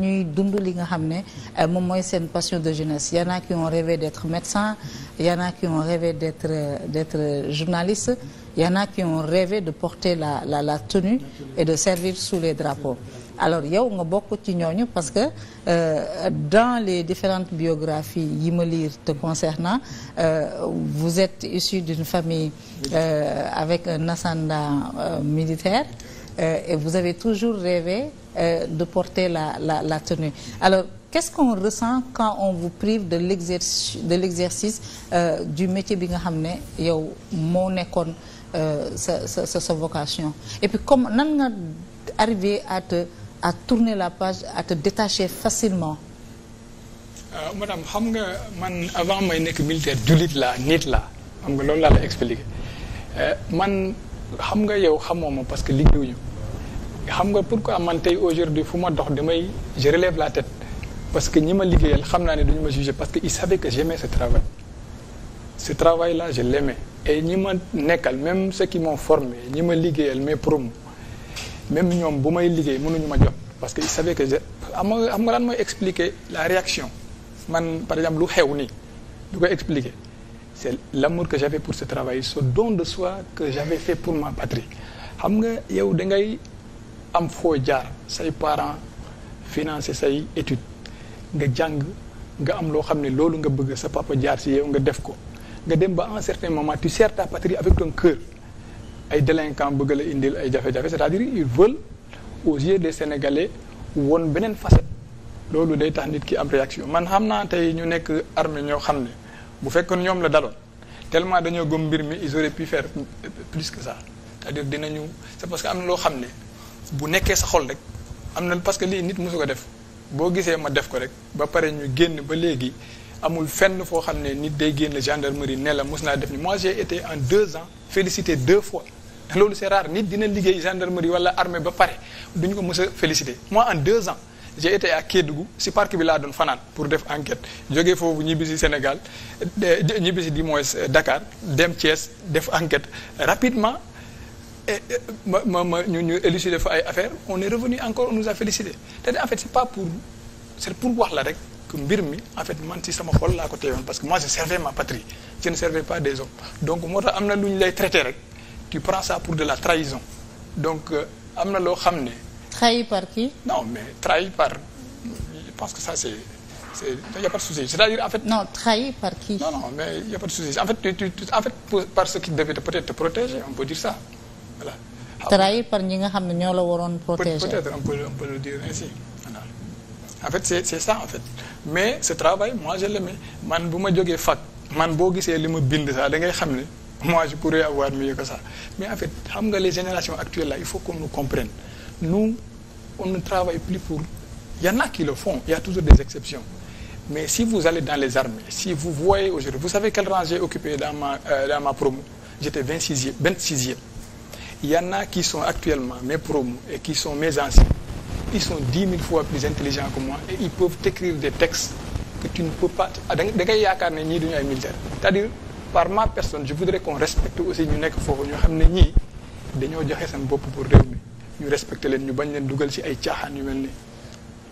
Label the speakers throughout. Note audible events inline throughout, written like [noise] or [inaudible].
Speaker 1: ñuy dund yi nga xam ne euh, moom mooy seen passion de jeunesse y en a qui ont rêvé d'être médecin y en a qui ont rêvé d'être euh, journaliste y en a qui de porter la la la tenue et de servir sous les drapeaux alors yow nga bokk ci ñooñu parce que euh, dans les différentes biographies yi ma lire te concernant euh, vous êtes issu d'une famille euh, avec un ascendant euh, militaire Euh, et vous avez toujours rêvé euh, de porter la, la, la tenue. Alors, qu'est-ce qu'on ressent quand on vous prive de l'exercice de l'exercice euh, du métier bi nga xam ne yow moo nekkoon sa sa sa vocation et puis comme nan nga arrivé à te tourner la page à te détacher facilement.
Speaker 2: madame xam nga man avant may nekk militaire jullit la nit la xam nga loolu laa la expliqué man xam nga yow xamoo ma parce que liggéeyuñu. xam nga pourquoi man tey aujourd'hui fu ma dox damay je relève la tête parce que ñi ma liggéeyal xam naa ne duñu ma juger parce que ils savaient que j'aimais ce travail ce travail là je l'aimais et ñi nekkal même ceux qui moom formé ñi ma liggéeyal mais promos même ñoom bu may liggéey mënuñu ma jot parce que ils savaient que je am xam nga lan mooy expliquer la réaction man par exemple lu xew nii du ko expliquer c'est l'amour que j'avais pour ce travail ce don de soi que j'avais fait pour ma patrie xam nga yow am foo jaar say parents financer say étude nga jàng nga am loo xam ne loolu nga bëgg sa papa jaar si yow nga def ko nga dem ba un certain moment tu sers ta patrie avec ton cœur ay délinquants bëgg la indil ay jafe-jafe c'est-à-dire ils veulent aux yeux des Sénégalais woon beneen facette loolu day tax nit ki am réaction man xam naa tey ñu nekk armée ñoo xam ne bu fekkoon ñoom la daloo tellement dañoo gëm mbir mi ils auraient pu faire plus que ça c'est-à-dire dinañu parce que am loo xam ne bu nekkee sa xol rek am na parce que lii nit mosu ko def boo gisee ma def ko rek ba pare ñu génn ba léegi amul fenn foo xam ne nit day génn gendarmerie ne la mos naa def ni moi j'ai été en deux ans félicité deux fois [laughs] loolu c'est rare nit dina liggéey gendarmerie wala armée ba pare duñu ko mos a félicité moi en deux ans j'ai été à Kédougou si parc bi laa doon fanaan pour def enquête joge foofu ñibbi si Sénégal ñibbi si di moins euh, Dakar dem Thiès def enquête rapidement ma ma ma ñu ñu élucider fa ay affaire on est revenu encore on nous a félicité te en fait c'est pas pour c'est pour wax la rek que mbir mi en fait man ci sama xol laa ko teewoon parce que moi je servais ma patrie je ne servais pas des hommes donc moo am na lu ñu lay traité rek tu prends ça pour de la trahison donc euh, am na loo xam ne.
Speaker 1: trahi par qui.
Speaker 2: non mais trahi par je pense que ça c'est c'est il y pas de souci c'est-à-dire en
Speaker 1: fait. trahi par qui. non non
Speaker 2: a pas de par ce qui devait
Speaker 1: voilà. par ñi nga xam ne ñoo la waroon protéger. peut-être on
Speaker 2: peut on peut le dire ainsi voilà. en c'est c'est ça en fait mais ce travail moi je l'aimais man bu ma jogee fac man boo gisee li ma bind sax da ngay xam ne mois je pourrais avoir mieux que ça mais en fait xam nga les générations actuelles là il faut qu'on nous comprenne nous on ne travaille plus pour il y en a qui le font toujours des exceptions mais si vous allez dans les armées si vous voyez aujourd'hui vous savez quel rang j'ai occupé ma euh, dans ma promo j'étais il naa en a qui sont actuellement mes promos et qui sont mes anciens. Ils sont dix mille fois plus intelligents que moi et ils peuvent t'écrire des textes que tu ne peux pas ah, da ngay yaakaar ne ñii duñu ay militaire c'est-à-dire par ma personne je voudrais qu'on respecte aussi ñu nekk foofu ñu xam ne ñii dañoo joxe seen bopp pour réew mi ñu respecte leen ñu bañ leen dugal ci ay caaxaan yu mel ni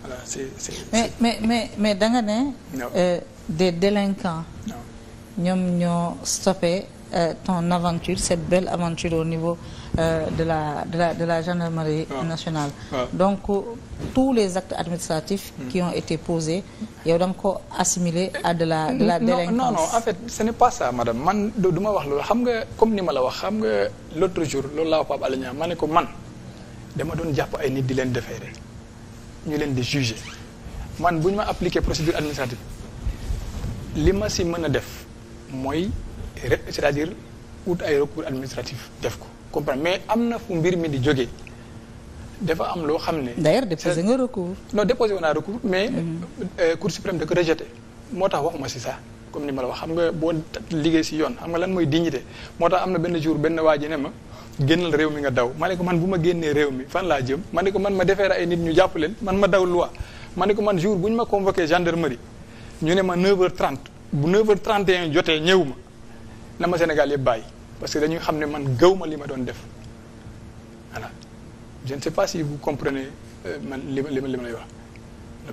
Speaker 2: voilà c'est c'est mais
Speaker 1: mais mais mais da nga ne euh, des délinquants ñoom ñoo stoppé euh, ton aventure cette belle aventure au niveau euh, de la de la de la gendarmerie ah. nationale ah. donc euh, tous les actes administratifs mm. qui ont été posés yow da ko assimilé à de la de la délinquance non non en fait
Speaker 2: ce n'est pas ça madame man du ma wax loolu xam nga comme ni ma la wax xam nga l'autre jour loolu laa Pape Alé Niang ma ne ko man dama doon jàpp ay nit di leen defeere ñu leen di jugé man bu ñu ma appliquer procédure administrative li ma si mën a def mooy c'est-à-dire ut ay recours administratif def ko comprendre mais am na fu mbir mi di jógee dafa am loo xam ne.
Speaker 1: d'ailleurs déposé nga recours.
Speaker 2: non déposé woon naa recours mais. Mhm. Euh, cour suprême da ko rejeté moo tax waxuma si ça comme ni ma la wax xam nga boo liggéey si yoon xam nga lan mooy dignité moo tax am na benn jour benn waa ji ne ma. génnal réew mi nga daw ma ne ko man bu ma génnee réew mi fan laa jëm ma ne ko man ma defeere ay nit ñu jàpp leen man ma daw loi ma ne ko man jour bu ñu ma convoqué gendarmerie ñu ne ma 9h30 bu 9h31 jotee ñëw ma. na ma Sénégal yëpp bàyyi parce que dañuy xam ne man gëw ma li ma doon def voilà je ne sais pas si vous comprenez euh, man li ma li ma lay wax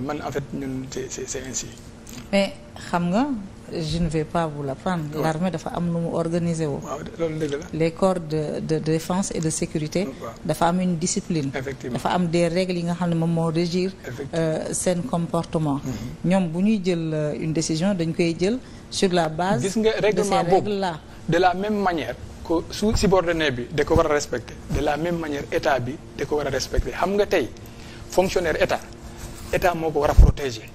Speaker 2: man en fait ñun c'est c'est ainsi
Speaker 1: mais xam nga je ne vais pas vous l'apprendre ouais. l'armée dafa am nu mu organiser woo les corps de, de de défense et de sécurité dafa am une discipline dafa am de règles yi nga xam ne moom moo régir euh, seen comportement mhm. ñoom bu ñuy jël euh, une décision dañ koy jël sur la base gis nga règlement boobu là
Speaker 2: de la même manière ko su subordonné bi de ko war a respecter de la même manière état bi de ko war a respecter xam nga tey fonctionnaire état état moo ko war a protéger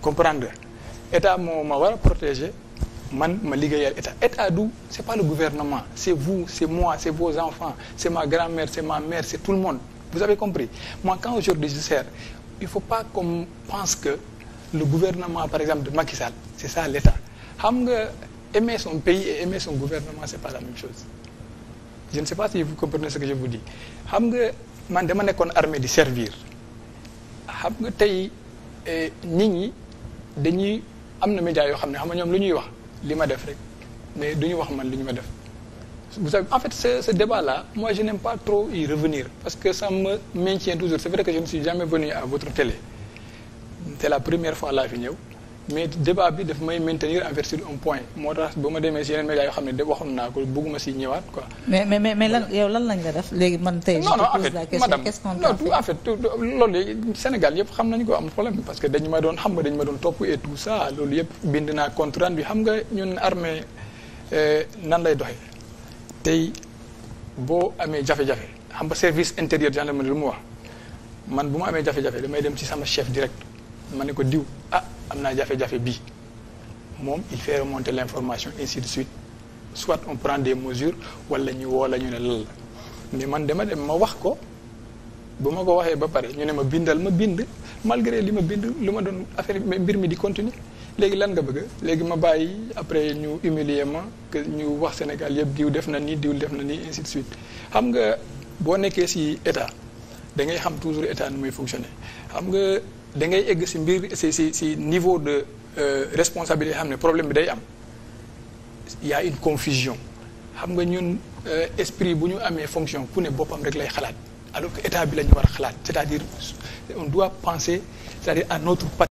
Speaker 2: comprendre état moo ma war a protéger man ma liggéeyal état état du c'est pas le gouvernement c'est vous c'est moi c'est vos enfants c'est ma grand-mère c'est ma mère c'est tout le monde vous avez compris moi quand aujourd'hui je sers il faut pas qu'on pense que le gouvernement par exemple de Macky Sall c'est ça l'état xam nga aimer son pays et aimer son gouvernement c'est pas la même chose je ne sais pas si vous comprenez ce que je vous dis xam nga man dama nekkoon armée di servir xam nga tey eh, nit ñi dañuy am na média yoo xam ne xam nga ñoom lu ñuy wax li ma def rek mais du ñu wax man lu ñu ma def vous savez en fait ce ce débat là moi je n'aime pas trop y revenir parce que ça me maintient toujours c'est vrai que je ne suis jamais venu à votre télé c'est la première fois laa fi ñëw mais débat bi daf may maintenir envers un point moo tax ba ma demee si yeneen médias yoo xam ne de waxoon naa ko bëgguma si ñëwaat quoi.
Speaker 1: mais mais mais lan lan la def léegi man tey. non non en
Speaker 2: fait yëpp xam nañu ko am parce que dañu ma doon xam nga dañu ma doon topp et tout ça loolu yëpp bind naa contrainte bi xam nga ñun armée euh, nan lay doxee tey boo amee jafe-jafe xam nga service intérieur gendarmerie lu mu wax man bu ma amee jafe-jafe damay dem ci sama chef direct ma ne ko diw ah, am naa jafe-jafe bii moom il fait remonter l'information ainsi de suite soit on prend des mesures wala ñu woo la ñu ne lan la mais man dema dem ma wax ko bu ma ko waxee ba pare ñu ne ma bindal ma bind malgré li ma bind lu ma doon affaire mbir mi di continuer léegi lan nga bëgg léegi ma bàyyi après ñu humilier ma que ñu wax Sénégal yëpp diw def na nii diw def na nii ainsi de suite xam nga boo nekkee si état da ngay xam toujours état nu muy fonctionner da ngay egg si mbir si si si niveau de euh, responsabilité xam ne problème bi day am y une confusion xam nga ñun euh, esprit bu ñu amee fonction ku ne
Speaker 1: boppam rek lay xalaat alors que état bi la war a xalaat c'est-à-dire on doit penser c'est-à-dire à notre